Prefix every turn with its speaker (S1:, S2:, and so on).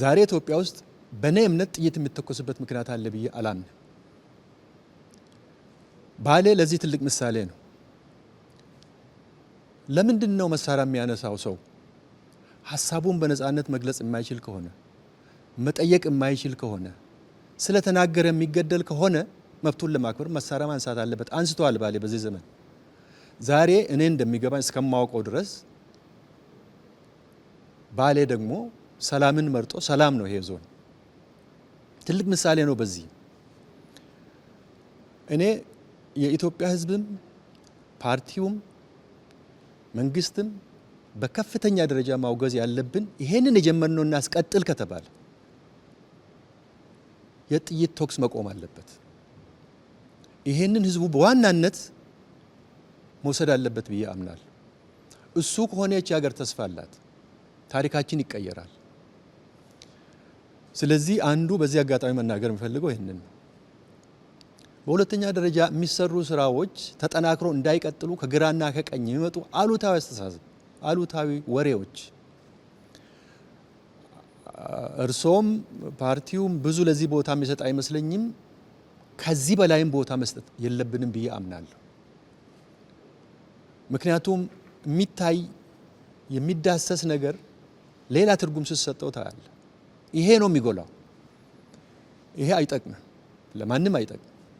S1: ዛሬ ኢትዮጵያ ውስጥ በእኔ እምነት ጥይት የሚተኮስበት ምክንያት አለ ብዬ አላምን ባሌ ለዚህ ትልቅ ምሳሌ ነው። ለምንድን ነው መሳሪያ የሚያነሳው ሰው ሀሳቡን በነፃነት መግለጽ የማይችል ከሆነ መጠየቅ የማይችል ከሆነ ስለተናገረ የሚገደል ከሆነ መብቱን ለማክበር መሳሪያ ማንሳት አለበት። አንስተዋል ባሌ በዚህ ዘመን። ዛሬ እኔ እንደሚገባኝ እስከማውቀው ድረስ ባሌ ደግሞ ሰላምን መርጦ ሰላም ነው ይሄ ዞን ትልቅ ምሳሌ ነው። በዚህ እኔ የኢትዮጵያ ሕዝብም ፓርቲውም መንግስትም በከፍተኛ ደረጃ ማውገዝ ያለብን ይሄንን የጀመርነው እናስቀጥል ከተባለ የጥይት ተኩስ መቆም አለበት። ይሄንን ህዝቡ በዋናነት መውሰድ አለበት ብዬ አምናል። እሱ ከሆነ ይቺ ሀገር ተስፋ አላት። ታሪካችን ይቀየራል። ስለዚህ አንዱ በዚህ አጋጣሚ መናገር የሚፈልገው ይህንን ነው። በሁለተኛ ደረጃ የሚሰሩ ስራዎች ተጠናክሮ እንዳይቀጥሉ ከግራና ከቀኝ የሚመጡ አሉታዊ አስተሳሰብ፣ አሉታዊ ወሬዎች እርሶም ፓርቲውም ብዙ ለዚህ ቦታ የሚሰጥ አይመስለኝም። ከዚህ በላይም ቦታ መስጠት የለብንም ብዬ አምናለሁ። ምክንያቱም የሚታይ የሚዳሰስ ነገር ሌላ ትርጉም ስትሰጠው ታያለ። ይሄ ነው የሚጎላው። ይሄ አይጠቅምም፣ ለማንም አይጠቅም